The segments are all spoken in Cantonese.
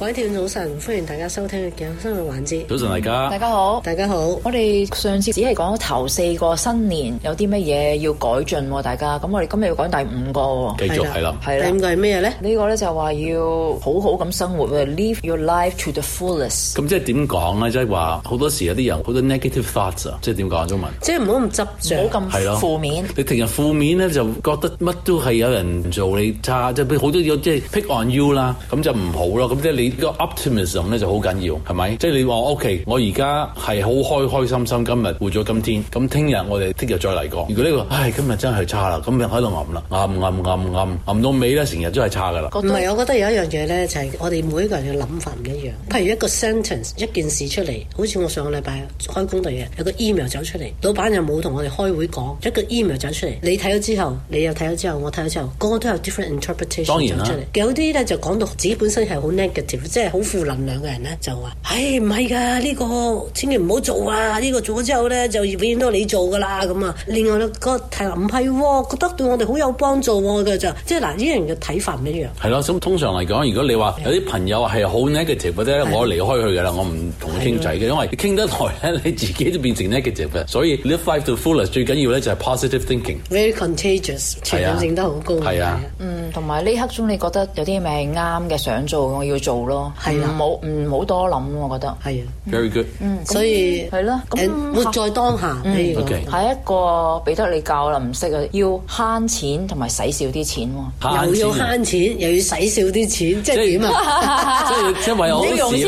改天早晨，歡迎大家收聽嘅健康生活環節。早晨大家，大家好，大家好。我哋上次只係講頭四個新年有啲乜嘢要改進喎啊，大家。咁我哋今日要講第五個，繼續係啦。係啦。第五個係咩嘢咧？這個呢個咧就話要好好咁生活，live your life to the fullest。咁即係點講咧？即係話好多時候有啲人好多 negative thoughts 啊，即係點講中文？即係唔好咁執著，唔好咁負面。係啦。你平日負面咧，就覺得乜都係有人做你差，即係好多嘢即係 pick on you 啦，咁就唔好咯。咁即係你。個 optimism 咧就好緊要，係咪？即係你話，OK，我而家係好開開心心，今日活咗今天，咁聽日我哋聽日再嚟過。如果呢個，唉，今日真係差啦，咁就喺度暗啦，暗暗暗暗暗到尾咧，成日都係差㗎喇。唔係，我覺得有一樣嘢咧，就係我哋每一個人嘅諗法唔一樣。譬如一個 sentence，一件事出嚟，好似我上個禮拜開工第一日有個 email 走出嚟，老闆又冇同我哋開會講，有一個 email 走出嚟，你睇咗之後，你又睇咗之後，我睇咗之後，個個都有 different interpretation 當然、啊、走出嚟。有啲咧就講到自己本身係好 negative。即係好負能量嘅人咧，就話，唉、哎，唔係㗎，呢、這個千祈唔好做啊！呢、這個做咗之後咧，就永遠都係你做㗎啦。咁啊，另外咧、哦，個係唔係覺得對我哋好有幫助㗎、哦？就即係嗱，啲人嘅睇法唔一樣。係咯，咁通常嚟講，如果你話有啲朋友係好 negative 嘅咧，的我離開佢㗎啦，我唔同佢傾偈嘅，的因為你傾得耐咧，你自己都變成 negative 嘅。所以你 live life to the fullest 最緊要咧就係 positive thinking，very contagious，傳染性得好的高。係啊的，是的嗯，同埋呢刻中你覺得有啲咩啱嘅想做，我要做。咯，唔好唔好多諗，我覺得係啊，very good，嗯，所以係咯，咁活在當下，嗯，係一個俾得你教啦，唔識啊，要慳錢同埋使少啲錢喎，又要慳錢又要使少啲錢，即係點啊？即係因為好多時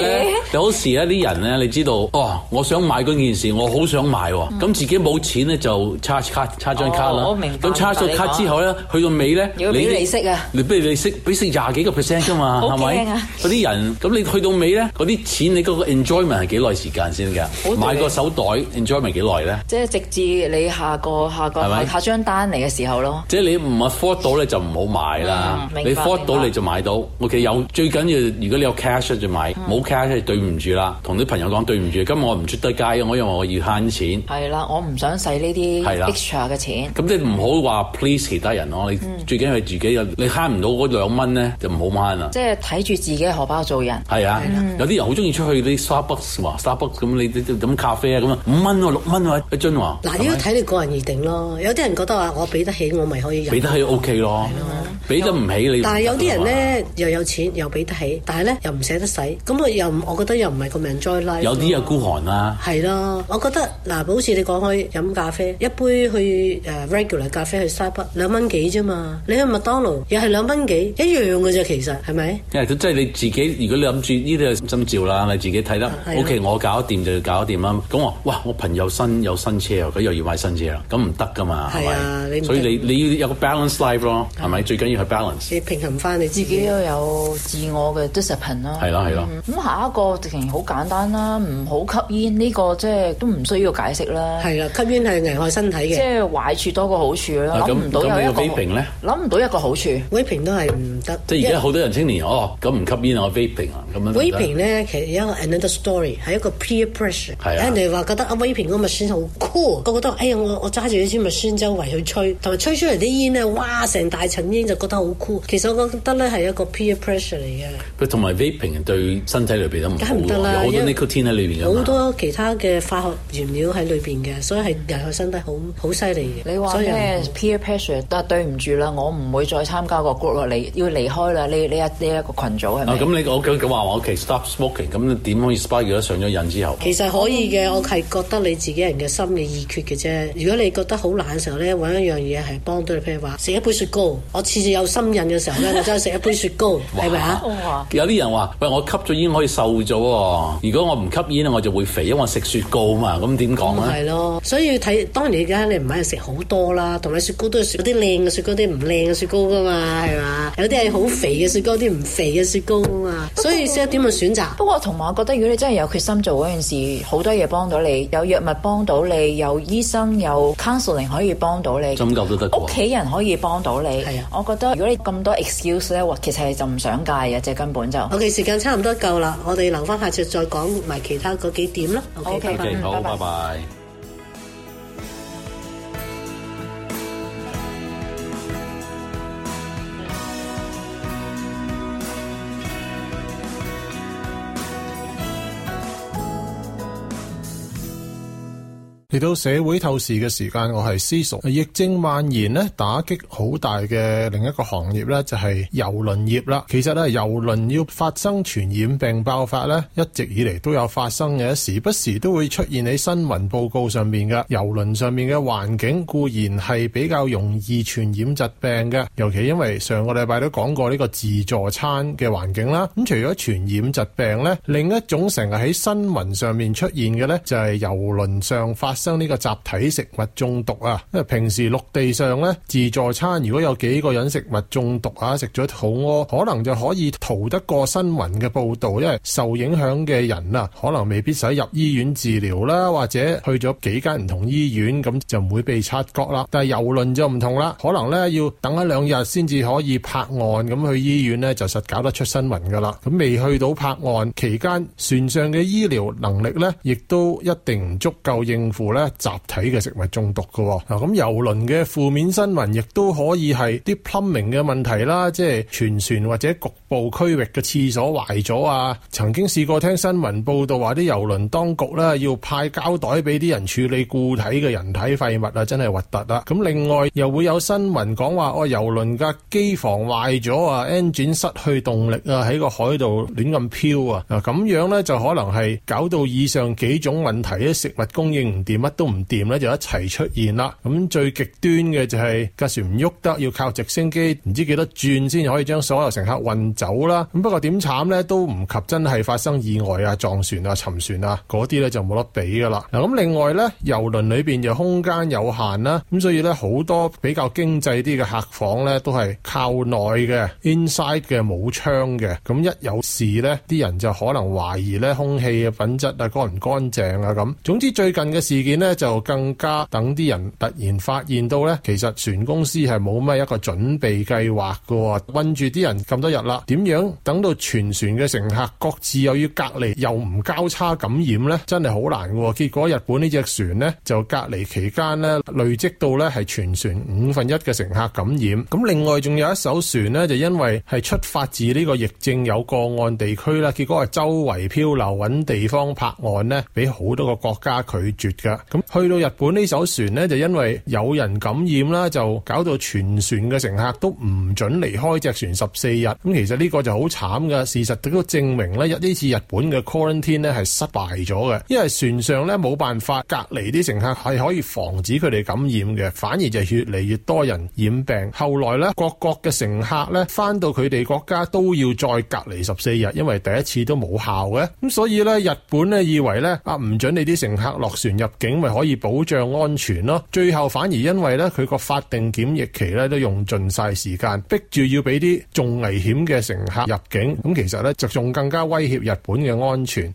有時咧啲人咧，你知道，哦，我想買嗰件事，我好想買喎，咁自己冇錢咧就刷卡，刷張卡啦，咁刷咗卡之後咧，去到尾咧，你俾利息啊，你不如你息俾息廿幾個 percent 㗎嘛，係咪？嗰啲人。咁你去到尾咧，嗰啲錢你嗰個 enjoyment 係幾耐時間先㗎？買個手袋 enjoyment 幾耐咧？即係直至你下個下個下張單嚟嘅時候咯。即係你唔 afford 到你就唔好買啦。你 afford 到你就買到。OK，有最緊要，如果你有 cash 就買，冇 cash 就對唔住啦。同啲朋友講對唔住，今日我唔出得街我因為我要慳錢。係啦，我唔想使呢啲 extra 嘅錢。咁你唔好話 please 其他人咯。你最緊要係自己，你慳唔到嗰兩蚊咧，就唔好慳啦。即係睇住自己荷包。做人係啊，的有啲人好中意出去啲 Starbucks 喎，沙北，咁你啲飲咖啡啊咁啊，五蚊啊六蚊啊一樽喎。嗱喇，呢個睇你個人而定咯，有啲人覺得話我俾得起，我咪可以飲。俾得起 OK 咯。了俾得唔起你，但係有啲人咧又有錢又俾得起，但係咧又唔捨得使，咁啊又我覺得又唔係個名再拉。有啲又孤寒啦。係咯，我覺得嗱，好似你講開飲咖啡，一杯去誒 regular 咖啡去沙巴兩蚊幾啫嘛，你去麥當勞又係兩蚊幾，一樣㗎啫，其實係咪？即係你自己，如果你諗住呢啲係心照啦，你自己睇得 OK，我搞得掂就搞得掂啦。咁哇，我朋友新有新車佢又要買新車啦，咁唔得噶嘛。係啊，所以你你要有個 balance life 咯，係咪最緊要？你 to 平衡翻你自己都有自我嘅 discipline 咯，係咯係咯。咁、嗯、下一個直情好簡單啦，唔好吸煙呢、這個即、就、係、是、都唔需要解釋啦。係啦，吸煙係危害身體嘅，即係壞處多過好處咯。諗唔、啊、到有一個諗唔、啊、到一個好處，威屏都係唔得。即係而家好多人青年為哦，咁唔吸煙啊，威屏啊咁樣行行。威屏咧其實一個 another story，係一個 peer pressure。係啊的，人哋話覺得阿威 n 嗰麥孫好 cool，個個得哎呀，我我揸住啲麥孫周圍去吹，同埋吹出嚟啲煙咧，哇！成大層煙就覺得都好酷，其實我覺得咧係一個 peer pressure 嚟嘅。佢同埋 vaping 對身體裏邊都唔好，好多 nicotine 喺裏邊㗎嘛，好多其他嘅化學原料喺裏邊嘅，所以係危害身體好好犀利嘅。你話咩 peer pressure？得對唔住啦，我唔會再參加個 group 喇，你要離開啦。呢呢一呢一個羣組係咪？啊，咁你我咁咁話我其實 stop smoking，咁你點可以 spare 咗上咗癮之後？其實可以嘅，我係覺得你自己人嘅心嘅意決嘅啫。如果你覺得好懶嘅時候咧，揾一樣嘢係幫到你，譬如話食一杯雪糕，我次次有。有心癮嘅時候咧，我真係食一杯雪糕，係咪啊？哇有啲人話，喂，我吸咗煙可以瘦咗，如果我唔吸煙咧，我就會肥，因為我食雪糕啊嘛。咁點講咧？係咯，所以睇當然而家你唔係食好多啦，同埋雪糕都有雪啲靚嘅雪糕，啲唔靚嘅雪糕噶嘛，係嘛？有啲係好肥嘅雪糕，啲唔肥嘅雪糕啊嘛。 所以識得點樣選擇。不過我同埋我覺得，如果你真係有決心做嗰件事，好多嘢幫到你，有藥物幫到你，有醫生有 counseling 可以幫到你，宗教都得，屋企人可以幫到你。係啊，我覺如果你咁多 excuse 咧，其實係就唔想戒嘅，即係根本就。OK，時間差唔多夠啦，我哋留翻下次再講埋其他嗰幾點啦。o k k 好，拜拜。嚟到社會透視嘅時間，我係司熟。疫症蔓延咧，打擊好大嘅另一個行業咧，就係郵輪業啦。其實咧，郵輪要發生傳染病爆發咧，一直以嚟都有發生嘅，時不時都會出現喺新聞報告上面嘅。郵輪上面嘅環境固然係比較容易傳染疾病嘅，尤其因為上個禮拜都講過呢個自助餐嘅環境啦。咁除咗傳染疾病咧，另一種成日喺新聞上面出現嘅咧，就係郵輪上發生呢個集體食物中毒啊。因為平時陸地上呢，自助餐如果有幾個人食物中毒啊，食咗肚屙，可能就可以逃得過新聞嘅報道，因為受影響嘅人啊，可能未必使入醫院治療啦，或者去咗幾間唔同醫院，咁就唔會被察覺啦。但係郵輪就唔同啦，可能呢要等一兩日先至可以泊岸咁去醫院呢，就實搞得出新聞噶啦。咁未去到泊岸期間，船上嘅醫療能力呢，亦都一定唔足夠應付。集體嘅食物中毒嘅嗱、哦，咁遊輪嘅負面新聞亦都可以係啲 plumbing 嘅問題啦，即係全船或者局部區域嘅廁所壞咗啊！曾經試過聽新聞報道話啲遊輪當局呢要派膠袋俾啲人處理固體嘅人體廢物啊，真係核突啊！咁、嗯、另外又會有新聞講話，我遊輪嘅機房壞咗啊 engine 失去動力啊，喺個海度亂咁飄啊！嗱、啊，咁樣呢就可能係搞到以上幾種問題，啲食物供應唔掂。乜都唔掂咧，就一齊出現啦。咁最極端嘅就係架船唔喐得，要靠直升機，唔知幾多轉先可以將所有乘客運走啦。咁不過點慘咧，都唔及真係發生意外啊、撞船啊、沉船啊嗰啲咧就冇得比噶啦。嗱，咁另外咧，遊輪裏邊就空間有限啦，咁所以咧好多比較經濟啲嘅客房咧都係靠內嘅 inside 嘅冇窗嘅。咁一有事咧，啲人就可能懷疑咧空氣嘅品質啊，乾唔乾淨啊咁。總之最近嘅事件。見咧就更加等啲人突然發現到咧，其實船公司係冇咩一個準備計劃噶，困住啲人咁多日啦。點樣等到全船嘅乘客各自又要隔離，又唔交叉感染咧，真係好難噶。結果日本呢隻船咧就隔離期間咧累積到咧係全船五分一嘅乘客感染。咁另外仲有一艘船咧，就因為係出發自呢個疫症有個案地區啦，結果係周圍漂流揾地方泊岸咧，俾好多個國家拒絕嘅。咁去到日本呢艘船咧，就因為有人感染啦，就搞到全船嘅乘客都唔准離開隻船十四日。咁其實呢個就好慘嘅，事實都證明咧呢次日本嘅 quarantine 咧係失敗咗嘅，因為船上咧冇辦法隔離啲乘客係可以防止佢哋感染嘅，反而就越嚟越多人染病。後來咧，各國嘅乘客咧翻到佢哋國家都要再隔離十四日，因為第一次都冇效嘅。咁所以咧，日本咧以為咧啊唔准你啲乘客落船入境。咁咪可以保障安全咯，最後反而因為咧佢個法定檢疫期咧都用盡晒時間，逼住要俾啲仲危險嘅乘客入境，咁其實咧就仲更加威脅日本嘅安全。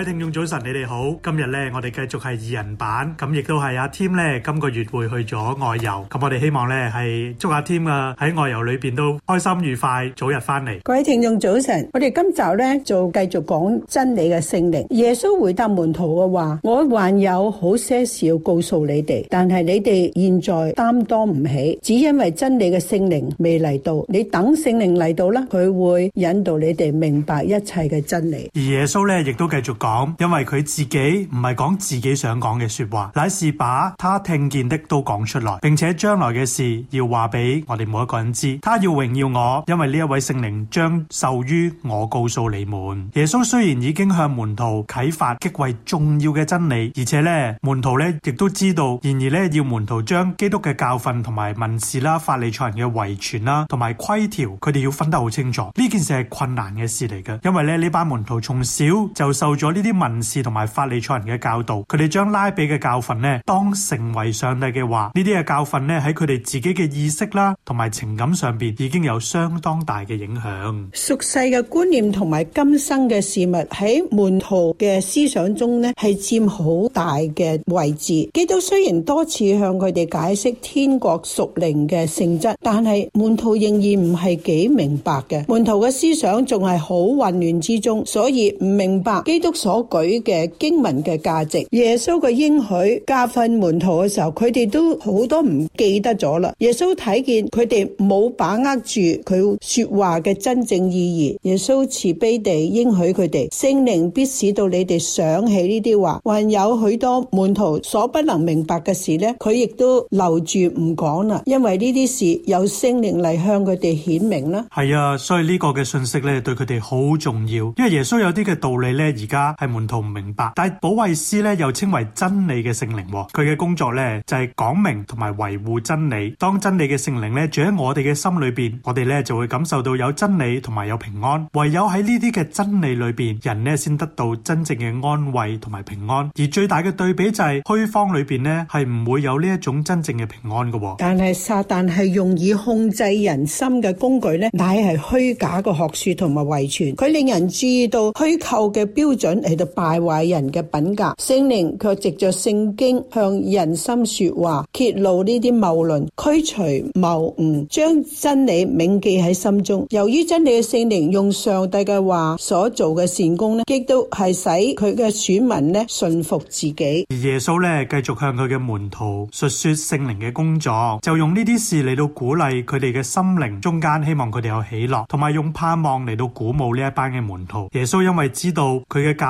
各位聽眾早晨，你哋好。今日咧，我哋繼續係二人版，咁亦都係阿 Tim 咧，今個月會去咗外遊。咁我哋希望咧係祝阿 Tim 啊喺外遊裏邊都開心愉快，早日翻嚟。各位聽眾早晨，我哋今集咧就繼續講真理嘅聖靈。耶穌回答門徒嘅話：我還有好些事要告訴你哋，但係你哋現在擔當唔起，只因為真理嘅聖靈未嚟到。你等聖靈嚟到啦，佢會引導你哋明白一切嘅真理。而耶穌咧亦都繼續講。講，因為佢自己唔係講自己想講嘅說話，乃是把他聽見的都講出來，並且將來嘅事要話俾我哋每一個人知。他要榮耀我，因為呢一位聖靈將受於我告訴你們。耶穌雖然已經向門徒啟發極為重要嘅真理，而且咧門徒咧亦都知道，然而咧要門徒將基督嘅教訓同埋民事啦、法利賽人嘅遺傳啦同埋規條，佢哋要分得好清楚。呢件事係困難嘅事嚟嘅，因為咧呢這班門徒從小就受咗。呢啲文士同埋法利賽人嘅教導，佢哋將拉比嘅教訓咧當成為上帝嘅話，這些呢啲嘅教訓咧喺佢哋自己嘅意識啦同埋情感上邊已經有相當大嘅影響。俗世嘅觀念同埋今生嘅事物喺門徒嘅思想中咧係佔好大嘅位置。基督雖然多次向佢哋解釋天國屬靈嘅性質，但係門徒仍然唔係幾明白嘅。門徒嘅思想仲係好混亂之中，所以唔明白基督。所舉嘅經文嘅價值，耶穌嘅應許教訓門徒嘅時候，佢哋都好多唔記得咗啦。耶穌睇見佢哋冇把握住佢說話嘅真正意義，耶穌慈悲地應許佢哋，聖靈必使到你哋想起呢啲話。還有許多門徒所不能明白嘅事呢，佢亦都留住唔講啦，因為呢啲事由聖靈嚟向佢哋顯明啦。係啊，所以呢個嘅信息咧，對佢哋好重要，因為耶穌有啲嘅道理咧，而家。係門徒唔明白，但係保惠師咧又稱為真理嘅聖靈，佢嘅工作咧就係講明同埋維護真理。當真理嘅聖靈咧住喺我哋嘅心裏邊，我哋咧就會感受到有真理同埋有平安。唯有喺呢啲嘅真理裏邊，人咧先得到真正嘅安慰同埋平安。而最大嘅對比就係虛方裏邊咧係唔會有呢一種真正嘅平安㗎。但係撒但係用以控制人心嘅工具咧，乃係虛假嘅學說同埋遺傳，佢令人注意到虛構嘅標準，嚟到敗壞人嘅品格，聖靈卻藉着聖經向人心說話，揭露呢啲謬論，驅除謬誤，將真理銘記喺心中。由於真理嘅聖靈用上帝嘅話所做嘅善功咧，亦都係使佢嘅選民咧信服自己。而耶穌咧繼續向佢嘅門徒述說聖靈嘅工作，就用呢啲事嚟到鼓勵佢哋嘅心靈中間，希望佢哋有喜樂，同埋用盼望嚟到鼓舞呢一班嘅門徒。耶穌因為知道佢嘅教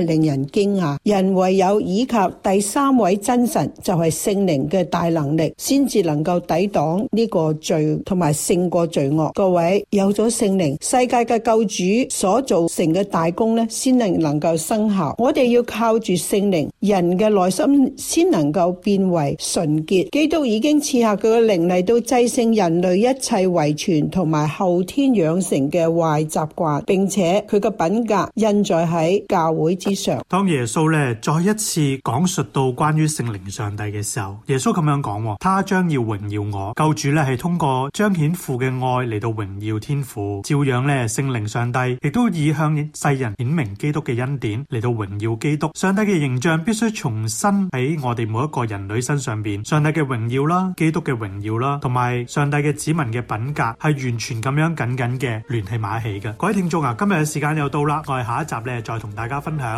令人驚訝，人唯有依靠第三位真神就係聖靈嘅大能力，先至能夠抵擋呢個罪，同埋勝過罪惡。各位有咗聖靈，世界嘅救主所造成嘅大功呢，先能能夠生效。我哋要靠住聖靈，人嘅內心先能夠變為純潔。基督已經賜下佢嘅靈嚟，到制勝人類一切遺傳同埋後天養成嘅壞習慣，並且佢嘅品格印在喺教會。當耶穌咧再一次講述到關於聖靈上帝嘅時候，耶穌咁樣講，他將要榮耀我。救主咧係通過彰顯父嘅愛嚟到榮耀天父，照樣咧聖靈上帝亦都以向世人顯明基督嘅恩典嚟到榮耀基督。上帝嘅形象必須重新喺我哋每一個人類身上邊，上帝嘅榮耀啦，基督嘅榮耀啦，同埋上帝嘅子民嘅品格係完全咁樣緊緊嘅聯繫埋一起嘅。各位聽眾啊，今日嘅時間又到啦，我哋下一集咧再同大家分享。